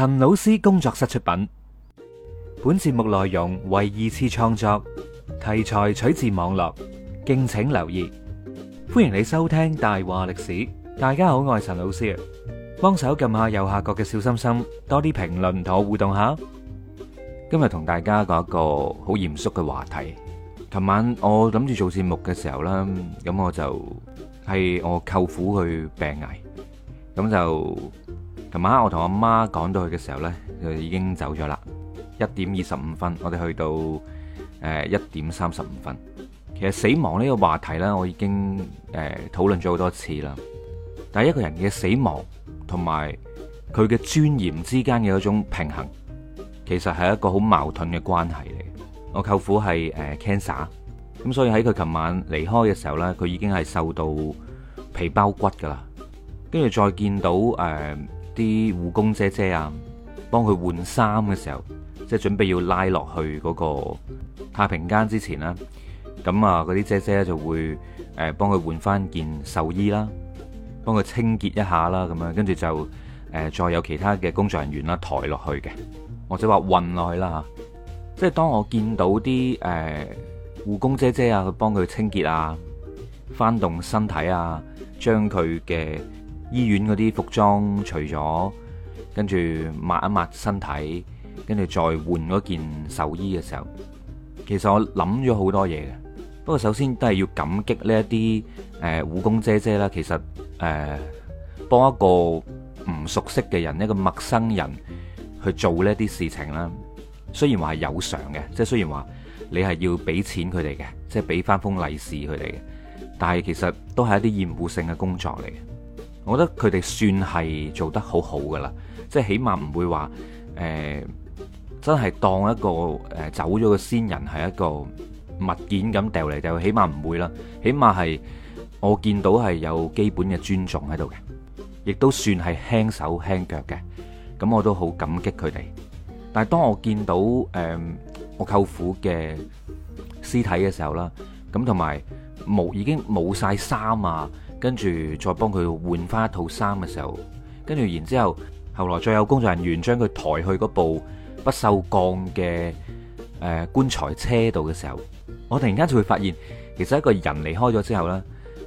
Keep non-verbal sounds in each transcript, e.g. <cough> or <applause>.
陳老師工作室出品，本節目內容為二次創作，題材取自網絡，敬請留意。歡迎你收聽《大話歷史》，大家好，我係陳老師。幫手撳下右下角嘅小心心，多啲評論同我互動下。今日同大家講一個好嚴肅嘅話題。琴晚我諗住做節目嘅時候啦，咁我就係我舅父去病危，咁就。琴晚，我同阿媽講到佢嘅時候呢，佢已經走咗啦。一點二十五分，我哋去到誒，呃，一點三十五分。其實死亡呢個話題呢，我已經誒討論咗好多次啦。但係一個人嘅死亡同埋佢嘅尊嚴之間嘅一種平衡，其實係一個好矛盾嘅關係嚟。我舅父係誒 cancer 咁，所以喺佢琴晚離開嘅時候呢，佢已經係瘦到皮包骨㗎啦。跟住再見到誒，呃啲護工姐姐啊，幫佢換衫嘅時候，即係準備要拉落去嗰個太平間之前啦。咁啊，嗰啲姐姐就會誒幫佢換翻件壽衣啦，幫佢清潔一下啦，咁樣跟住就誒再有其他嘅工作人員啦，抬落去嘅，或者話運落去啦。即係當我見到啲誒護工姐姐啊，去幫佢清潔啊，翻動身體啊，將佢嘅。醫院嗰啲服裝除咗跟住抹一抹身體，跟住再換嗰件壽衣嘅時候，其實我諗咗好多嘢嘅。不過首先都係要感激呢一啲誒護工姐姐啦。其實誒、呃、幫一個唔熟悉嘅人，一個陌生人去做呢啲事情啦。雖然話係有償嘅，即係雖然話你係要俾錢佢哋嘅，即係俾翻封利是佢哋嘅，但係其實都係一啲厭惡性嘅工作嚟嘅。我覺得佢哋算係做得好好噶啦，即係起碼唔會話誒、呃、真係當一個誒、呃、走咗個先人係一個物件咁掉嚟，掉去，起碼唔會啦。起碼係我見到係有基本嘅尊重喺度嘅，亦都算係輕手輕腳嘅。咁我都好感激佢哋。但係當我見到誒、呃、我舅父嘅屍體嘅時候啦，咁同埋冇已經冇晒衫啊！跟住再幫佢換翻一套衫嘅時候，跟住然之後，後來再有工作人員將佢抬去嗰部不鏽鋼嘅誒、呃、棺材車度嘅時候，我突然間就會發現，其實一個人離開咗之後呢，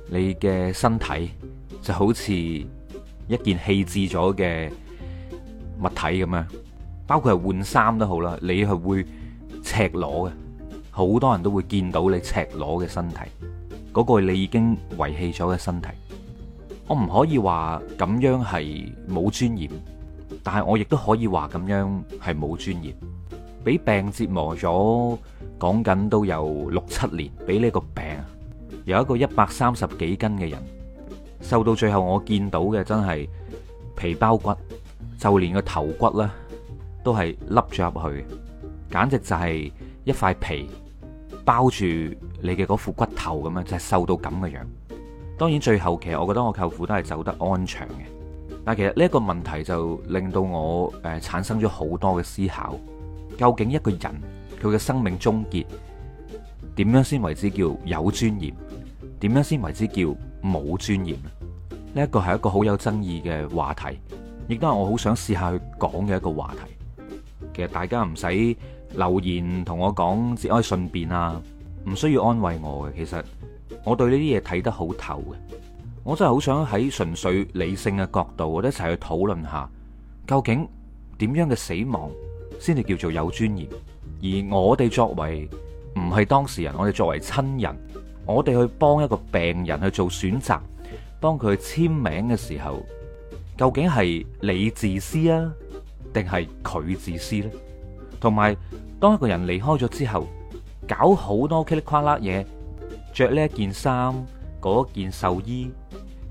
你嘅身體就好似一件棄置咗嘅物體咁樣，包括係換衫都好啦，你係會赤裸嘅，好多人都會見到你赤裸嘅身體。嗰個你已經遺棄咗嘅身體，我唔可以話咁樣係冇尊嚴，但係我亦都可以話咁樣係冇尊嚴。俾病折磨咗，講緊都有六七年，俾呢個病，有一個一百三十幾斤嘅人，瘦到最後我見到嘅真係皮包骨，就連個頭骨咧都係凹咗入去，簡直就係一塊皮。包住你嘅嗰副骨頭咁樣，就係瘦到咁嘅樣。當然最後，其實我覺得我舅父都係走得安詳嘅。但其實呢一個問題就令到我誒產生咗好多嘅思考。究竟一個人佢嘅生命終結點樣先為之叫有尊嚴？點樣先為之叫冇尊嚴？呢一個係一個好有爭議嘅話題，亦都係我好想試下去講嘅一個話題。其實大家唔使。留言同我講，節哀順變啊，唔需要安慰我嘅。其實我對呢啲嘢睇得好透嘅，我真係好想喺純粹理性嘅角度，我哋一齊去討論下，究竟點樣嘅死亡先至叫做有尊嚴？而我哋作為唔係當事人，我哋作為親人，我哋去幫一個病人去做選擇，幫佢簽名嘅時候，究竟係你自私啊，定係佢自私呢？同埋，當一個人離開咗之後，搞好多茄哩夸啦嘢，着呢一件衫，嗰件壽衣，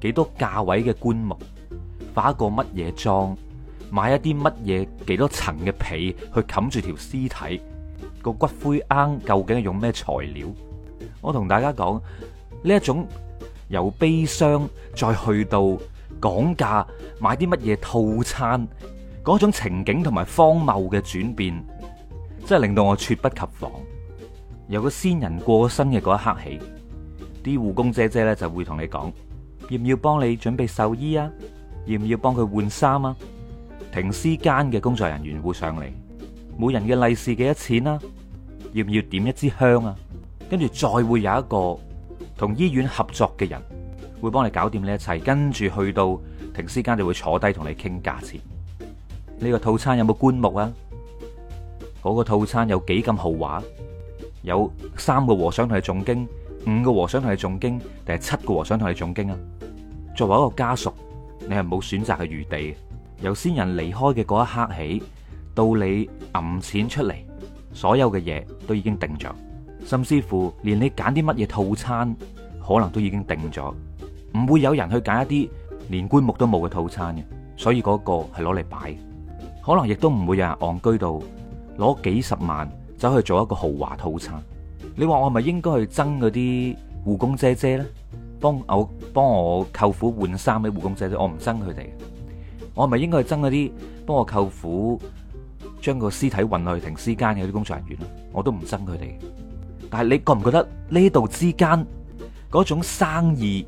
幾多價位嘅棺木，化一個乜嘢妝，買一啲乜嘢，幾多層嘅被去冚住條屍體，個骨灰罌究竟係用咩材料？我同大家講呢一種由悲傷再去到講價，買啲乜嘢套餐，嗰種情景同埋荒謬嘅轉變。即係令到我猝不及防，由個先人過身嘅嗰一刻起，啲護工姐姐咧就會同你講，要唔要幫你準備壽衣啊？要唔要幫佢換衫啊？停屍間嘅工作人員會上嚟，每人嘅利是幾多錢啊？要唔要點一支香啊？跟住再會有一個同醫院合作嘅人會幫你搞掂呢一切，跟住去到停屍間就會坐低同你傾價錢。呢個套餐有冇棺木啊？嗰個套餐有幾咁豪華？有三個和尚同你誦經，五個和尚同你誦經，定係七個和尚同你誦經啊？作為一個家屬，你係冇選擇嘅餘地。由先人離開嘅嗰一刻起，到你揞錢出嚟，所有嘅嘢都已經定咗，甚至乎連你揀啲乜嘢套餐，可能都已經定咗，唔會有人去揀一啲連棺木都冇嘅套餐嘅。所以嗰個係攞嚟擺，可能亦都唔會有人戇居到。攞幾十萬走去做一個豪華套餐，你話我係咪應該去憎嗰啲護工姐姐咧？幫我幫我舅父換衫俾護工姐姐，我唔憎佢哋。我係咪應該去憎嗰啲幫我舅父將個屍體運落去停屍間嘅嗰啲工作人員？我都唔憎佢哋。但係你覺唔覺得呢度之間嗰種生意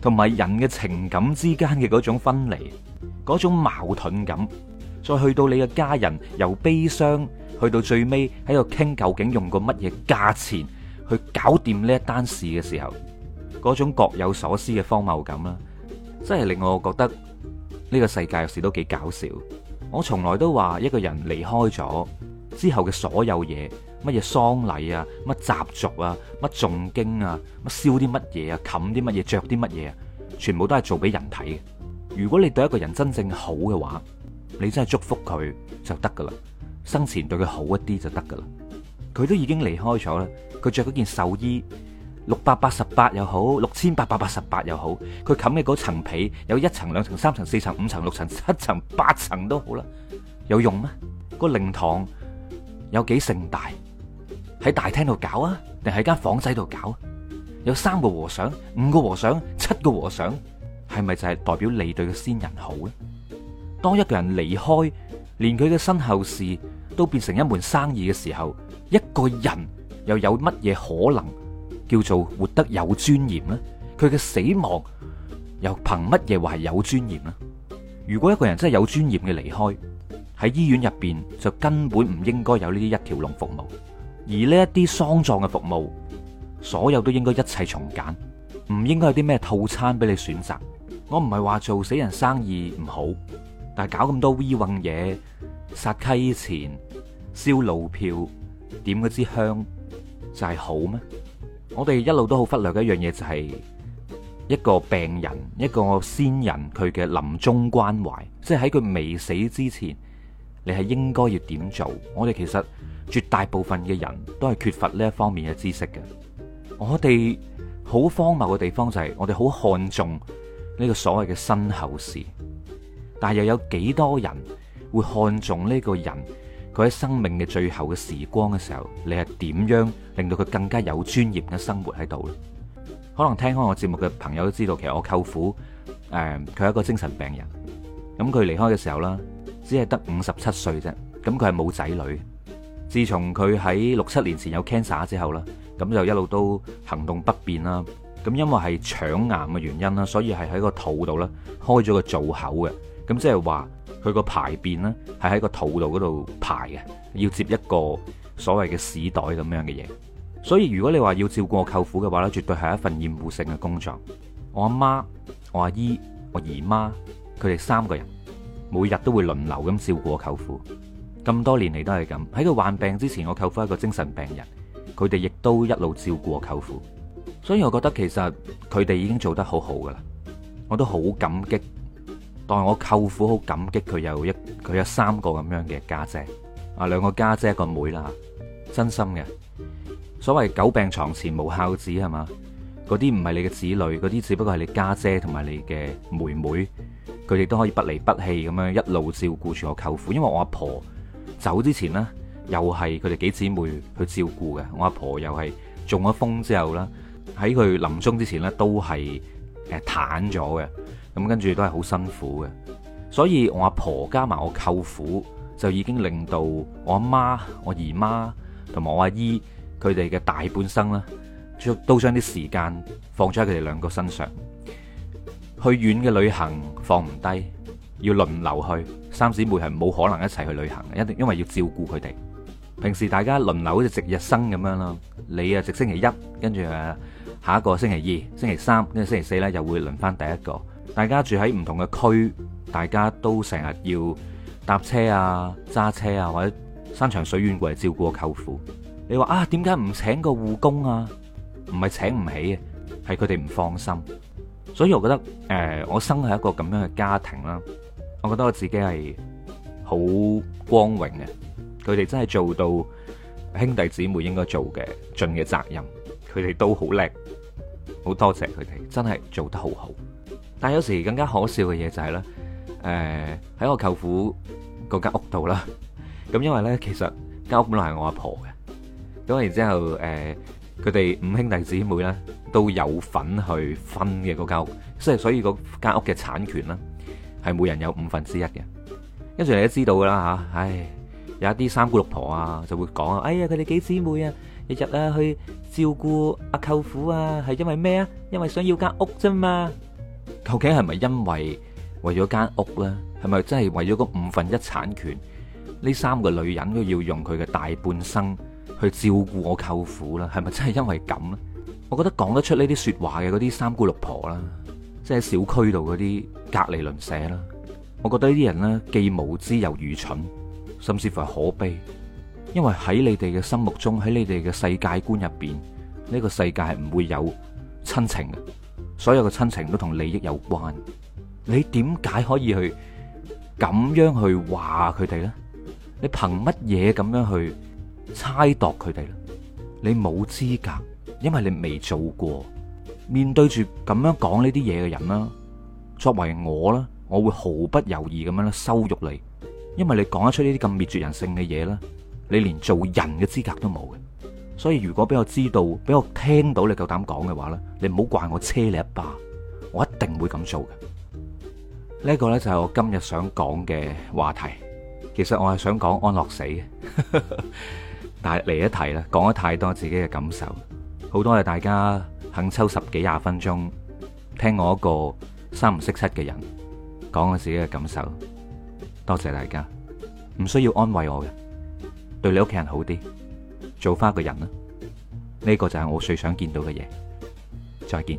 同埋人嘅情感之間嘅嗰種分離，嗰種矛盾感？再去到你嘅家人由悲傷去到最尾喺度傾，究竟用過乜嘢價錢去搞掂呢一單事嘅時候，嗰種各有所思嘅荒謬感啦，真係令我覺得呢個世界有時都幾搞笑。我從來都話一個人離開咗之後嘅所有嘢，乜嘢喪禮啊，乜習俗啊，乜誦經啊，乜燒啲乜嘢啊，冚啲乜嘢，着啲乜嘢，全部都係做俾人睇嘅。如果你對一個人真正好嘅話，你真係祝福佢就得噶啦，生前對佢好一啲就得噶啦。佢都已經離開咗啦，佢着嗰件壽衣六百八十八又好，六千八百八十八又好，佢冚嘅嗰層被有一層、兩層、三層、四層、五層、六層、七層、八層都好啦，有用咩？個靈堂有幾盛大？喺大廳度搞啊，定喺間房仔度搞？有三個和尚、五個和尚、七個和尚，係咪就係代表你對個先人好咧？當一個人離開，連佢嘅身後事都變成一門生意嘅時候，一個人又有乜嘢可能叫做活得有尊嚴呢？佢嘅死亡又憑乜嘢話係有尊嚴呢？如果一個人真係有尊嚴嘅離開喺醫院入邊，就根本唔應該有呢啲一條龍服務，而呢一啲喪葬嘅服務，所有都應該一切從簡，唔應該有啲咩套餐俾你選擇。我唔係話做死人生意唔好。但係搞咁多 V 運嘢、殺溪錢、燒路票、點嗰支香，就係、是、好咩？我哋一路都好忽略嘅一樣嘢，就係一個病人、一個先人佢嘅臨終關懷，即係喺佢未死之前，你係應該要點做？我哋其實絕大部分嘅人都係缺乏呢一方面嘅知識嘅。我哋好荒謬嘅地方就係、是，我哋好看重呢個所謂嘅身後事。但又有幾多人會看中呢個人？佢喺生命嘅最後嘅時光嘅時候，你係點樣令到佢更加有尊嚴嘅生活喺度呢？可能聽開我節目嘅朋友都知道，其實我舅父，誒，佢係一個精神病人。咁佢離開嘅時候啦，只係得五十七歲啫。咁佢係冇仔女。自從佢喺六七年前有 cancer 之後啦，咁就一路都行動不便啦。咁因為係腸癌嘅原因啦，所以係喺個肚度咧開咗個造口嘅。咁即係話佢個排便呢係喺個肚度嗰度排嘅，要接一個所謂嘅屎袋咁樣嘅嘢。所以如果你話要照顧我舅父嘅話呢，絕對係一份厭惡性嘅工作。我阿媽、我阿姨、我姨媽，佢哋三個人每日都會輪流咁照顧我舅父。咁多年嚟都係咁。喺佢患病之前，我舅父係一個精神病人，佢哋亦都一路照顧我舅父。所以我覺得其實佢哋已經做得好好噶啦，我都好感激。但我舅父好感激佢有一佢有三個咁樣嘅家姐啊，兩個家姐，一個妹啦，真心嘅。所謂久病床前無孝子係嘛？嗰啲唔係你嘅子女，嗰啲只不過係你家姐同埋你嘅妹妹，佢哋都可以不離不棄咁樣一路照顧住我舅父。因為我阿婆走之前呢，又係佢哋幾姊妹去照顧嘅。我阿婆又係中咗風之後啦，喺佢臨終之前呢，都係誒癱咗嘅。咁跟住都係好辛苦嘅，所以我阿婆加埋我舅父，就已經令到我阿媽、我姨媽同埋我阿姨佢哋嘅大半生啦，將都將啲時間放咗喺佢哋兩個身上。去遠嘅旅行放唔低，要輪流去。三姊妹係冇可能一齊去旅行嘅，一定因為要照顧佢哋。平時大家輪流就值日生咁樣啦，你啊值星期一，跟住、啊、下一個星期二、星期三跟住星期四咧，又會輪返第一個。大家住喺唔同嘅區，大家都成日要搭車啊、揸車啊，或者山長水遠過嚟照顧個舅父。你話啊，點解唔請個護工啊？唔係請唔起嘅，係佢哋唔放心。所以我覺得，誒、呃，我生喺一個咁樣嘅家庭啦。我覺得我自己係好光榮嘅。佢哋真係做到兄弟姊妹應該做嘅盡嘅責任，佢哋都好叻，好多謝佢哋，真係做得好好。但有時更加可笑嘅嘢就係咧，誒喺我舅父嗰間屋度啦。咁因為咧，其實間屋本來係我阿婆嘅。咁然之後，誒佢哋五兄弟姊妹咧都有份去分嘅嗰間屋，即係所以嗰間屋嘅產權啦，係每人有五分之一嘅。跟住你都知道噶啦嚇，唉有一啲三姑六婆啊，就會講啊，哎呀佢哋幾姊妹啊，日日啊去照顧阿舅父啊，係因為咩啊？因為想要間屋啫嘛。究竟係咪因為為咗間屋呢？係咪真係為咗個五分一產權？呢三個女人都要用佢嘅大半生去照顧我舅父啦？係咪真係因為咁呢？我覺得講得出呢啲說話嘅嗰啲三姑六婆啦，即係小區度嗰啲隔籬鄰舍啦，我覺得呢啲人呢，既無知又愚蠢，甚至乎係可悲，因為喺你哋嘅心目中，喺你哋嘅世界觀入邊，呢個世界係唔會有親情嘅。所有嘅親情都同利益有關，你點解可以去咁樣去話佢哋呢？你憑乜嘢咁樣去猜度佢哋咧？你冇資格，因為你未做過。面對住咁樣講呢啲嘢嘅人啦，作為我啦，我會毫不猶豫咁樣咧羞辱你，因為你講得出呢啲咁滅絕人性嘅嘢咧，你連做人嘅資格都冇嘅。所以如果俾我知道，俾我聽到你夠膽講嘅話咧，你唔好怪我車你一巴，我一定會咁做嘅。呢個呢就係我今日想講嘅話題。其實我係想講安樂死， <laughs> 但係嚟一提啦，講咗太多自己嘅感受。好多謝大家肯抽十幾廿分鐘聽我一個三唔識七嘅人講我自己嘅感受。多謝大家，唔需要安慰我嘅，對你屋企人好啲。做翻一個人啦，呢、這個就係我最想見到嘅嘢。再見。